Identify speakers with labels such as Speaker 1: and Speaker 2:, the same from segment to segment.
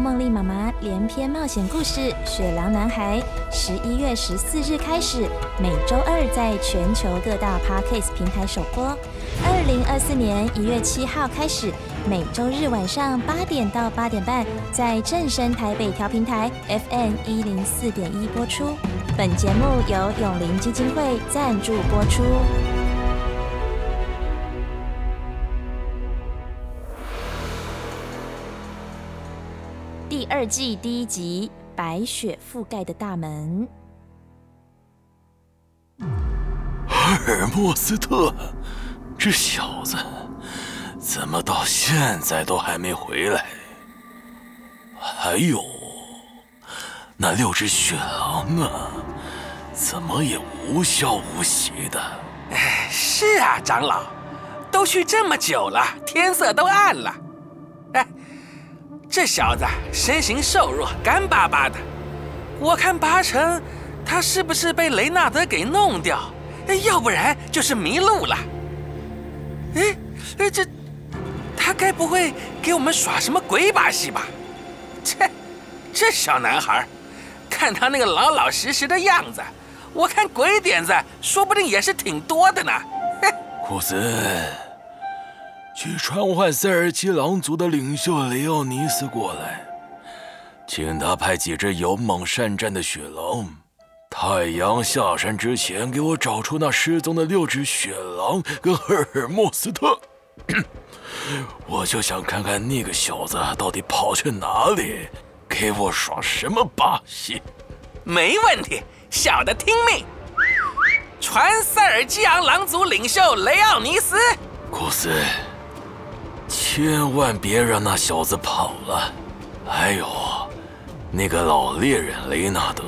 Speaker 1: 夢麗媽媽連篇冒險故事《雪狼男孩》，十一月十四日開始，每週二在全球各大 Parkes 平台首播。二零二四年一月七號開始，每週日晚上八點到八點半，在正聲台北調平台 FM 一零四點一播出。本節目由永林基金會贊助播出。第二季第一集《白雪覆蓋的大門》。
Speaker 2: 阿爾莫斯特，這小子怎麼到現在都還沒回來？還有那六隻雪狼啊，怎麼也無消無息的？哎，是啊，長
Speaker 3: 老，都去這麼久了，天色都暗了。哎。這小子身形瘦弱，乾巴巴的。我看八成他是不是被雷納德給弄掉，要不然就是迷路了。哎哎，這他該不會給我們耍什麼鬼把戲吧？切，這小男孩，看他那個老老實實的樣子，我看鬼點子說不定也是挺多的呢。
Speaker 2: 嘿，庫斯。去傳喚塞爾吉狼族的領袖雷奧尼斯過來，請他派幾只勇猛善戰的雪狼。太陽下山之前，給我找出那失蹤的六只雪狼跟赫爾莫斯特。 我就想看看那個小子到底跑去哪裡，給我耍什麼把戲。沒問題，
Speaker 3: 小的聽命。傳塞爾吉昂狼族領袖雷奧尼斯。
Speaker 2: 庫斯。千萬別讓那小子跑了！還有，那個老獵人雷納德，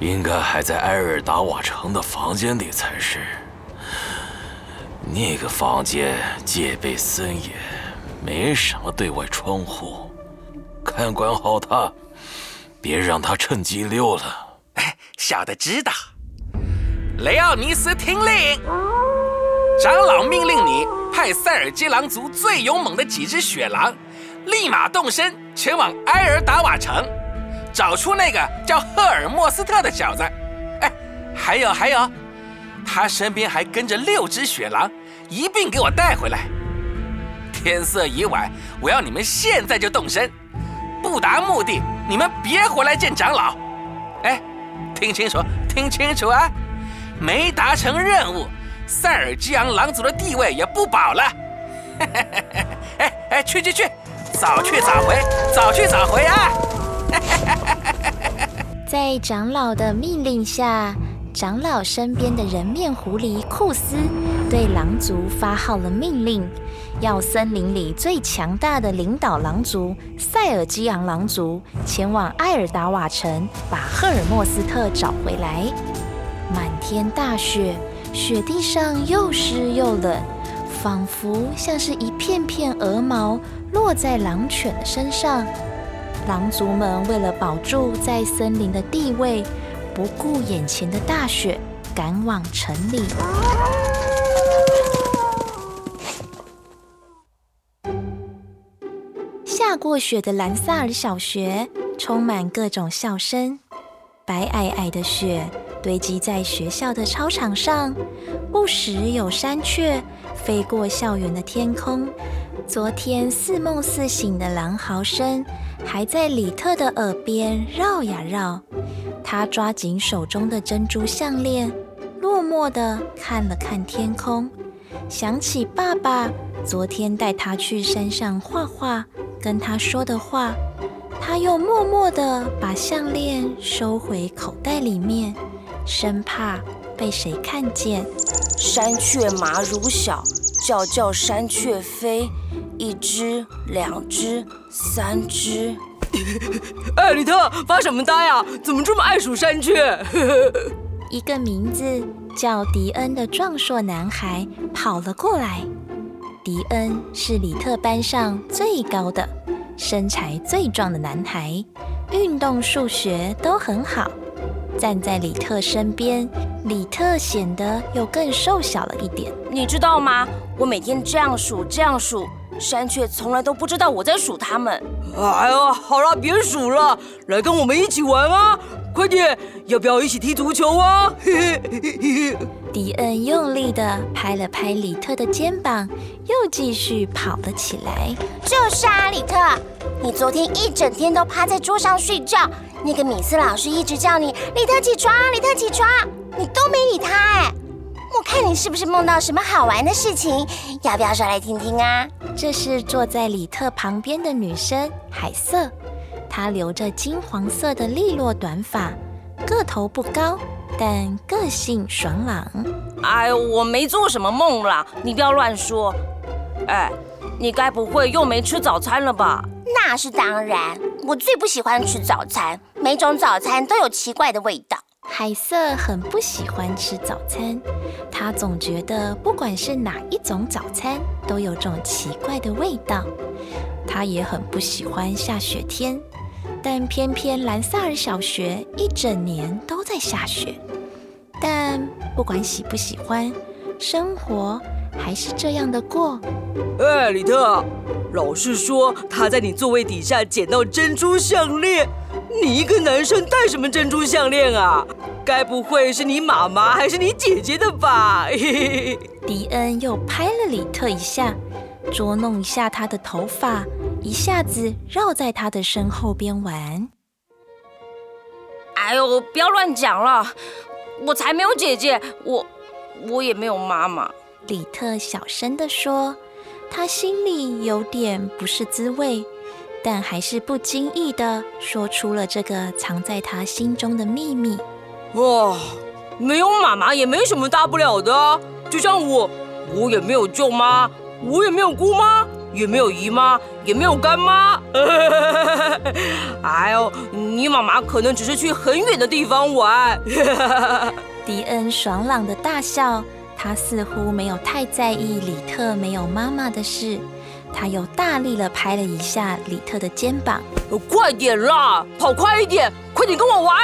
Speaker 2: 應該還在艾爾達瓦城的房間裡才是。那個房間戒備森嚴，沒什麼對外窗戶，看管好他，別讓他趁機溜了。哎，小的知道。雷奧尼斯，聽令！
Speaker 3: 長老命令你。派塞爾基狼族最勇猛的幾隻雪狼，立馬動身前往埃爾達瓦城，找出那個叫赫爾莫斯特的小子。哎，還有還有，他身邊還跟着六隻雪狼，一併給我帶回來。天色已晚，我要你們現在就動身，不達目的，你們別回來見長老。哎，聽清楚，聽清楚啊！沒達成任務。塞爾吉昂狼族的地位也不保了。 哎。哎哎，去去去，早去早回，早去早回啊
Speaker 1: 在長老的命令下，長老身邊的人面狐狸庫斯對狼族發號了命令，要森林裡最強大的領導狼族塞爾吉昂狼族前往埃爾達瓦城，把赫爾墨斯特找回來。滿天大雪。雪地上又濕又冷，仿佛像是一片片鵝毛落在狼犬的身上。狼族們為了保住在森林的地位，不顧眼前的大雪，趕往城裡。下過雪的蘭薩爾小學充滿各種笑聲，白皚皚的雪，堆積在學校的操場上，不時有山雀飛過校園的天空。昨天似夢似醒的狼嚎聲還在李特的耳邊繞呀繞。他抓緊手中的珍珠項鏈，落寞地看了看天空，想起爸爸昨天帶他去山上畫畫，跟他說的話，他又默默地把項鏈收回口袋裡面。生怕被誰看見。山雀麻如小，叫叫山雀飛。一隻，兩隻，三隻。 哎，李特，發什麼呆呀、啊？怎麼這麼愛數山雀？ 一個名字叫迪恩的壯碩男孩跑了過來。迪恩是李特班上最高的、身材最壯的男孩，運動、數學都很好。站在李特身邊，李特顯得又更瘦小了一點。你知道嗎？我每天這樣數，這樣數，山雀從來都不知道我在數它們。哎呀，好了，別數了，來跟我們一起玩啊！快點，要不要一起踢足球啊？嘿嘿嘿嘿，迪恩用力地拍了拍李特的肩膀，又繼續跑了起來。就是啊，李特，你昨天一整天都趴在桌上睡覺。那個米斯老師一直叫你李特起床，李特起床，你都沒理他哎！我看你是不是夢到什麼好玩的事情？要不要說來聽聽啊？這是坐在李特旁邊的女生海瑟，她留着金黃色的利落短髮，個頭不高，但個性爽朗。哎，我沒做什麼夢啦，你不要亂說。哎。你該不會又沒吃早餐了吧？那是當然，我最不喜歡吃早餐，每種早餐都有奇怪的味道。海瑟很不喜歡吃早餐，他總覺得不管是哪一種早餐都有種奇怪的味道。他也很不喜歡下雪天，但偏偏藍薩爾小學一整年都在下雪。但不管喜不喜歡，生活還是這樣的過，哎，李特，老實說他在你座位底下撿到珍珠項鏈，你一個男生戴什麼珍珠項鏈
Speaker 4: 啊？該不會是你媽媽還是你姐姐的吧？
Speaker 1: 迪恩又拍了李特一下，捉弄一下他的頭髮，一下子繞在他的身後邊玩。哎呦，不要亂講了，我才沒有姐姐，我我也沒有媽媽。李特小聲地說：“他心裡有點不是滋味，但還是不經意的說出了這個藏在他心中的秘密。”哇、哦，沒有媽媽也沒什麼大不了的，就像我，我也沒有舅媽，我也沒有姑媽，也沒有姨媽，也沒有乾媽。 哎呦，你媽媽可能只是去很遠的地方玩。 ”迪恩爽朗的大笑。他似乎沒有太在意李特沒有媽媽的事，他又大力地拍了一下李特的肩膀。哦，快點啦，跑快一點，快點跟我玩。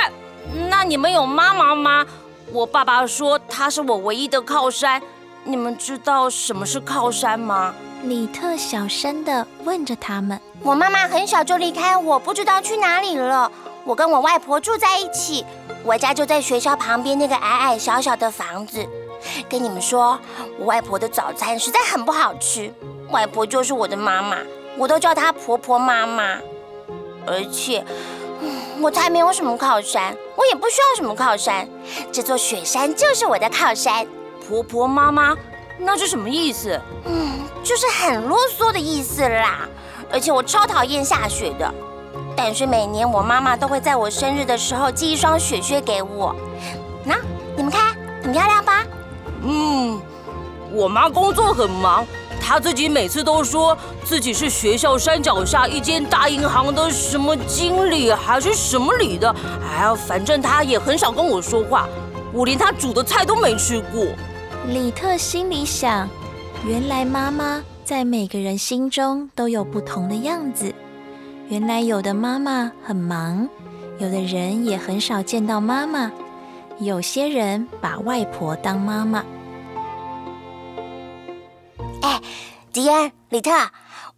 Speaker 1: 那你們有媽媽嗎？我爸爸說他是我唯一的靠山。你們知道什麼是靠山嗎？李特小聲地問着他們。我媽媽很小就離開，我不知道去哪裡了。我跟我外婆住在一起，我家就在學校旁邊那個矮矮小小的房子。跟你們說，我外婆的早餐實在很不好吃。外婆就是我的媽媽，我都叫她婆婆媽媽。而且我才沒有什麼靠山，我也不需要什麼靠山。這座雪山就是我的靠山。婆婆媽媽？那是什麼意思？嗯，就是很囉嗦的意思啦。而且我超討厭下雪的，但是每年我媽媽都會在我生日的時候寄一雙雪靴給我。吶，你們看，很漂亮吧？嗯，我媽工作很忙，她自己每次都說自己是學校山腳下一間大銀行的什麼經理，還是什麼理的。哎呀，反正她也很少跟我說話，我連她煮的菜都沒吃過。李特心裡想：原來媽媽在每個人心中都有不同的樣子。原來有的媽媽很忙，有的人也很少見到媽媽。有些人把外婆當媽媽。哎，迪恩，李特，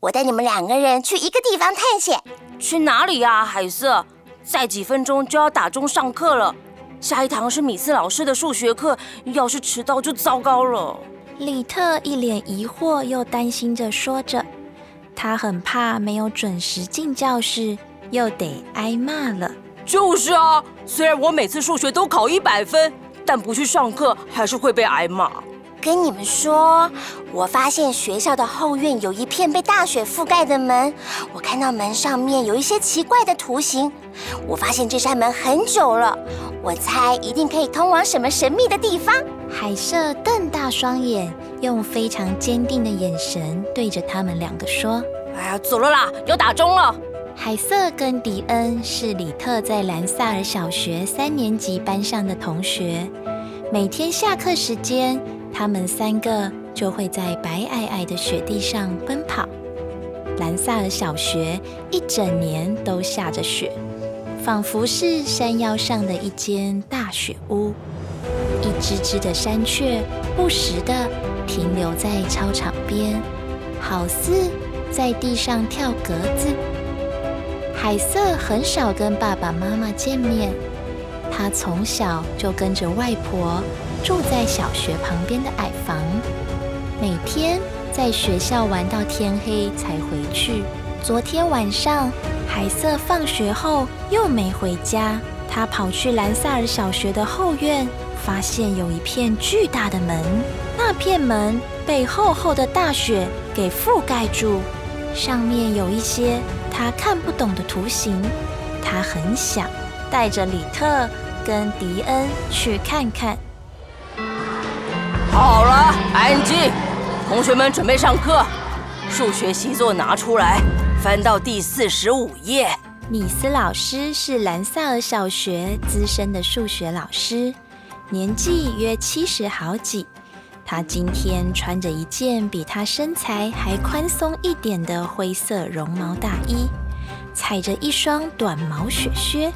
Speaker 1: 我帶你們兩個人去一個地方探險。去哪裡呀、啊？海瑟，再幾分鐘就要打鐘上課了，下一堂是米斯老師的數學課，要是遲到就糟糕了。李特一臉疑惑又擔心着說着，他很怕沒有準時進教室，又得挨罵了。就是啊，雖然我每次數學都考一百分，但不去上課還是會被挨罵。跟你們說，我發現學校的後院有一片被大雪覆蓋的門，我看到門上面有一些奇怪的圖形。我發現這扇門很久了，我猜一定可以通往什麼神秘的地方。海瑟瞪大雙眼，用非常堅定的眼神對着他們兩個說：“哎呀，走了啦，要打鐘了。”海瑟跟迪恩是里特在蘭薩爾小學三年級班上的同學。每天下課時間，他們三個就會在白皚皚的雪地上奔跑。蘭薩爾小學一整年都下着雪，仿佛是山腰上的一間大雪屋。一隻隻的山雀不時地停留在操場邊，好似在地上跳格子。海瑟很少跟爸爸媽媽見面，他從小就跟着外婆住在小學旁邊的矮房，每天在學校玩到天黑才回去。昨天晚上，海瑟放學後又沒回家，他跑去蘭薩爾小學的後院，發現有一片巨大的門，那片門被厚厚的大雪給覆蓋住，上面有一些。他看不懂的圖形，他很想帶着里特跟迪恩去看看。好了，安靜，同學們準備上課。數學習作拿出來，翻到第四十五頁。米斯老師是蘭薩爾小學資深的數學老師，年紀約七十好幾。他今天穿着一件比他身材還寬鬆一點的灰色絨毛大衣，踩着一雙短毛雪靴，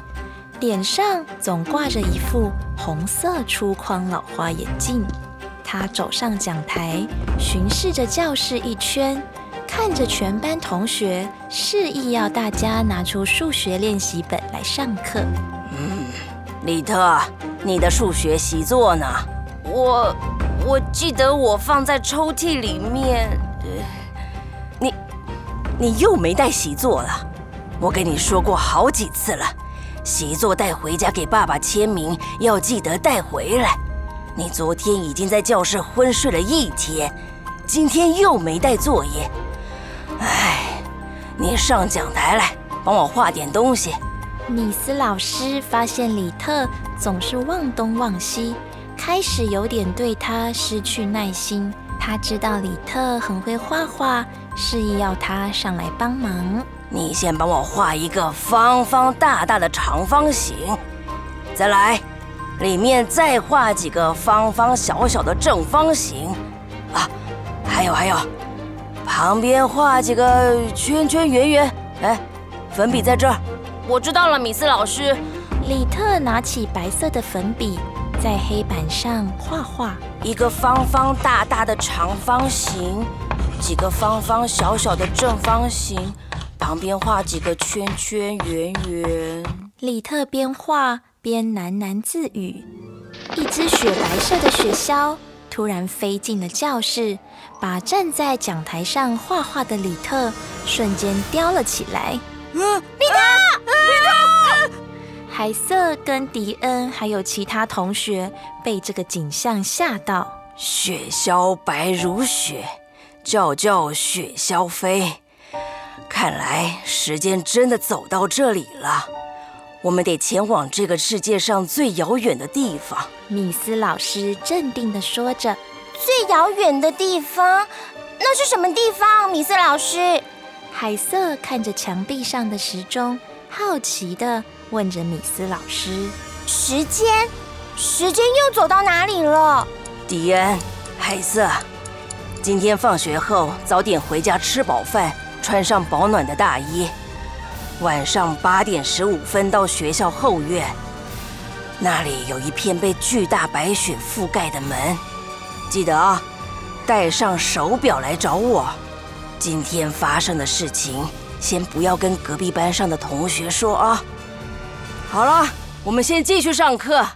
Speaker 1: 臉上總掛着一副紅色粗框老花眼鏡。他走上講台，巡視着教室一圈，看着全班同學，示意要大家拿出數學練習本來上課。嗯，李特，你的數學習作呢？我。我記得我放在抽屜裡面。呃，你，你又沒帶習作了。我跟你說過好幾次了，習作帶回家給爸爸簽名，要記得帶回來。你昨天已經在教室昏睡了一天，今天又沒帶作業。唉，你上講台來，幫我畫點東西。米斯老師發現李特總是忘東忘西。開始有點對他失去耐心，他知道李特很會畫畫，示意要他上來幫忙。你先幫我畫一個方方大大的長方形，再來，裡面再畫幾個方方小小的正方形，啊，還有還有，旁邊畫幾個圈圈圓圓。哎，粉筆在這兒。我知道了，米斯老師。李特拿起白色的粉筆。在黑板上畫畫，一個方方大大的長方形，幾個方方小小的正方形，旁邊畫幾個圈圈圓圓。李特邊畫邊喃喃自語。一隻雪白色的雪鴞突然飛進了教室，把站在講台上畫畫的李特瞬間叼了起來。李海瑟跟迪恩還有其他同學被這個景象嚇到。雪消白如雪，叫叫雪消飛。看來時間真的走到這裡了，我們得前往這個世界上最遙遠的地方。米斯老師鎮定地說着：“最遙遠的地方，那是什麼地方？”米斯老師。海瑟看着牆壁上的時鐘，好奇地。問着米斯老師：“時間，時間又走到哪裡了？”迪恩，海瑟，今天放學後早點回家，吃飽飯，穿上保暖的大衣。晚上八點十五分到學校後院，那裡有一片被巨大白雪覆蓋的門。記得啊，戴上手表來找我。今天發生的事情，先不要跟隔壁班上的同學說啊。好了，我們先繼續上課。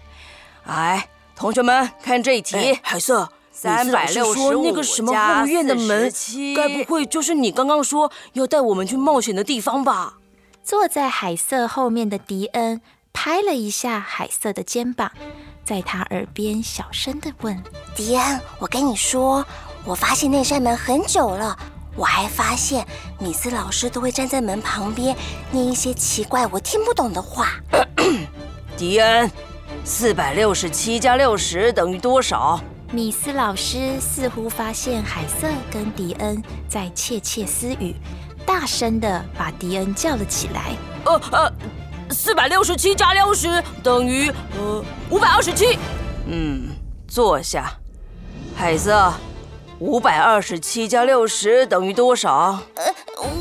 Speaker 1: 哎，同學們，看這一題。海瑟，你是說那個什麼墓院的門，該不會就是你剛剛說要帶我們去冒險的地方吧？坐在海瑟後面的迪恩拍了一下海瑟的肩膀，在他耳邊小聲的問：“迪恩，我跟你說，我發現那扇門很久了。”我還發現，米斯老師都會站在門旁邊念一些奇怪、我聽不懂的話。迪恩，四百六十七加六十等於多少？米斯老師似乎發現海瑟跟迪恩在竊竊私語，大聲的把迪恩叫了起來。呃呃，四百六十七加六十等於呃五百二十七。嗯，坐下。海瑟，五百二十七加六十等於多少？呃，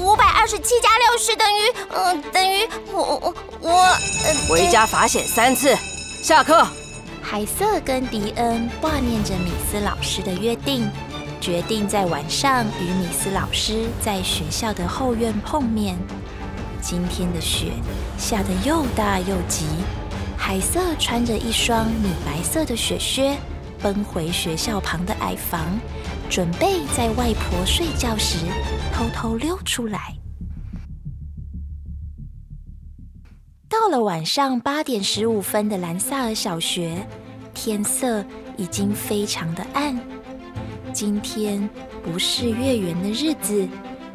Speaker 1: 五百二十七加六十等於，呃，等於我。我，我，呃，回家罰寫三次，下課。海瑟跟迪恩掛念着米斯老師的約定，決定在晚上與米斯老師在學校的後院碰面。今天的雪下得又大又急，海瑟穿着一雙米白色的雪靴，奔回學校旁的矮房。準備在外婆睡覺時偷偷溜出來。到了晚上八點十五分的蘭薩爾小學，天色已經非常的暗。今天不是月圓的日子，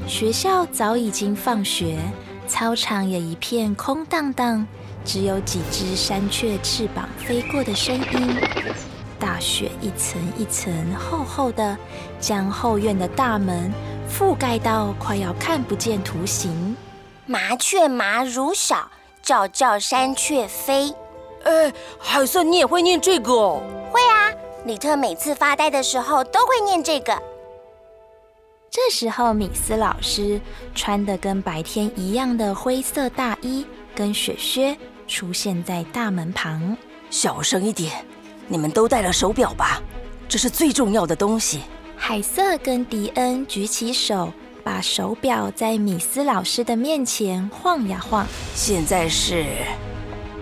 Speaker 1: 學校早已經放學，操場也一片空蕩蕩，只有幾隻山雀翅膀飛過的聲音。大雪一層一層厚厚的，將後院的大門覆蓋到快要看不見圖形。麻雀麻如小，叫叫山雀飛。哎，好像你也會念這個哦？會啊，李特每次發呆的時候都會念這個。這時候，米斯老師穿的跟白天一樣的灰色大衣跟雪靴，出現在大門旁。小聲一點。你們都戴了手表吧？這是最重要的東西。海瑟跟迪恩舉起手，把手表在米斯老師的面前晃呀晃。現在是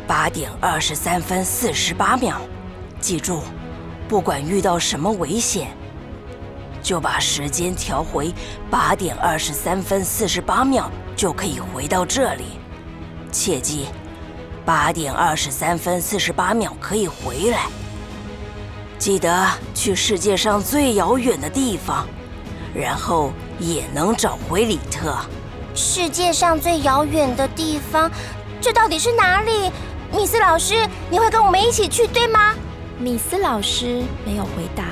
Speaker 1: 八點二十三分四十八秒。記住，不管遇到什麼危險，就把時間調回八點二十三分四十八秒，就可以回到這裡。切記，八點二十三分四十八秒可以回來。記得去世界上最遙遠的地方，然後也能找回里特。世界上最遙遠的地方，這到底是哪裡？米斯老師，你會跟我們一起去，對嗎？米斯老師沒有回答，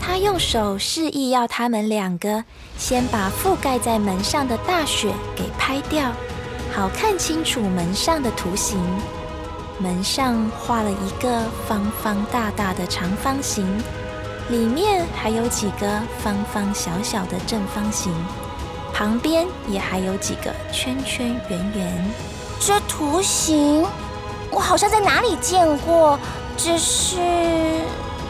Speaker 1: 他用手示意要他們兩個先把覆蓋在門上的大雪給拍掉，好看清楚門上的圖形。門上畫了一個方方大大的長方形，裡面還有幾個方方小小的正方形，旁邊也還有幾個圈圈圓圓。這圖形我好像在哪裡見過，這是……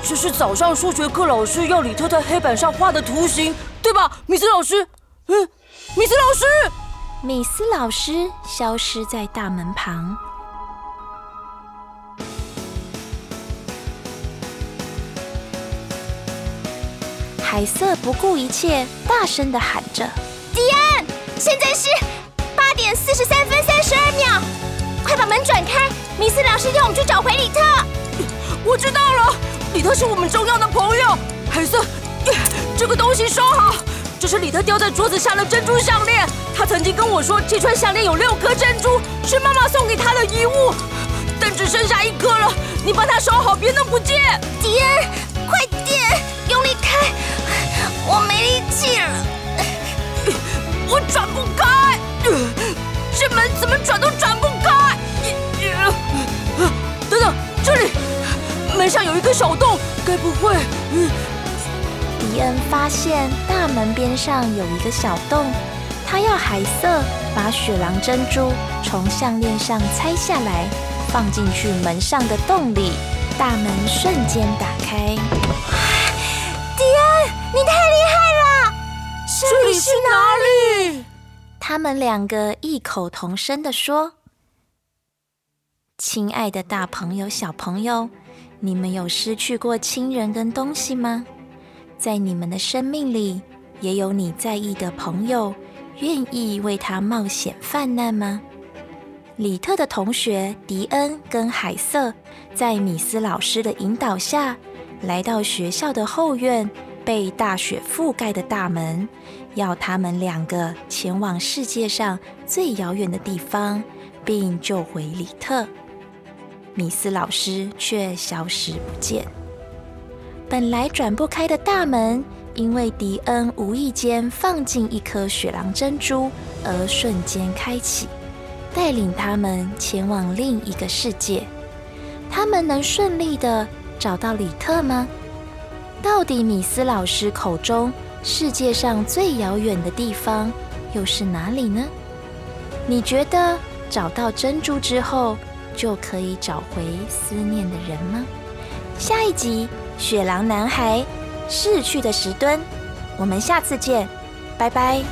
Speaker 1: 這是早上數學課老師要里特在黑板上畫的圖形，對吧，米斯老師？嗯，米斯老師，米斯老師消失在大門旁。海瑟不顧一切，大聲地喊着：“迪恩，現在是八點四十三分三十二秒，快把門轉開！米斯老師讓我們去找回里特。”我知道了，里特是我們重要的朋友。海瑟，這個東西收好，這是里特掉在桌子下的珍珠項鏈。他曾經跟我說，這串項鏈有六顆珍珠，是媽媽送給他的遺物。只剩下一顆了，你把它收好，別弄不見。迪恩，快點，用力開！我沒力氣了，我轉不開，這門怎麼轉都轉不開。等等，這裡門上有一個小洞，該不會……迪恩發現大門邊上有一個小洞，他要海瑟把雪狼珍珠從項鏈上拆下來。放進去門上的洞裡，大門瞬間打開。啊、迪恩，你太厲害了！這裡是哪裡？他們兩個異口同聲地說：“啊、親愛的，大朋友、小朋友，你們有失去過親人跟東西嗎？在你們的生命裡，也有你在意的朋友，願意為他冒險犯難嗎？”李特的同學迪恩跟海瑟在米斯老師的引導下，來到學校的後院，被大雪覆蓋的大門，要他們兩個前往世界上最遙遠的地方，並救回李特。米斯老師卻消失不見。本來轉不開的大門，因為迪恩無意間放進一顆雪狼珍珠，而瞬間開啟。帶領他們前往另一個世界，他們能順利地找到李特嗎？到底米斯老師口中世界上最遙遠的地方又是哪裡呢？你覺得找到珍珠之後就可以找回思念的人嗎？下一集《雪狼男孩》《逝去的石墩》，我們下次見，拜拜。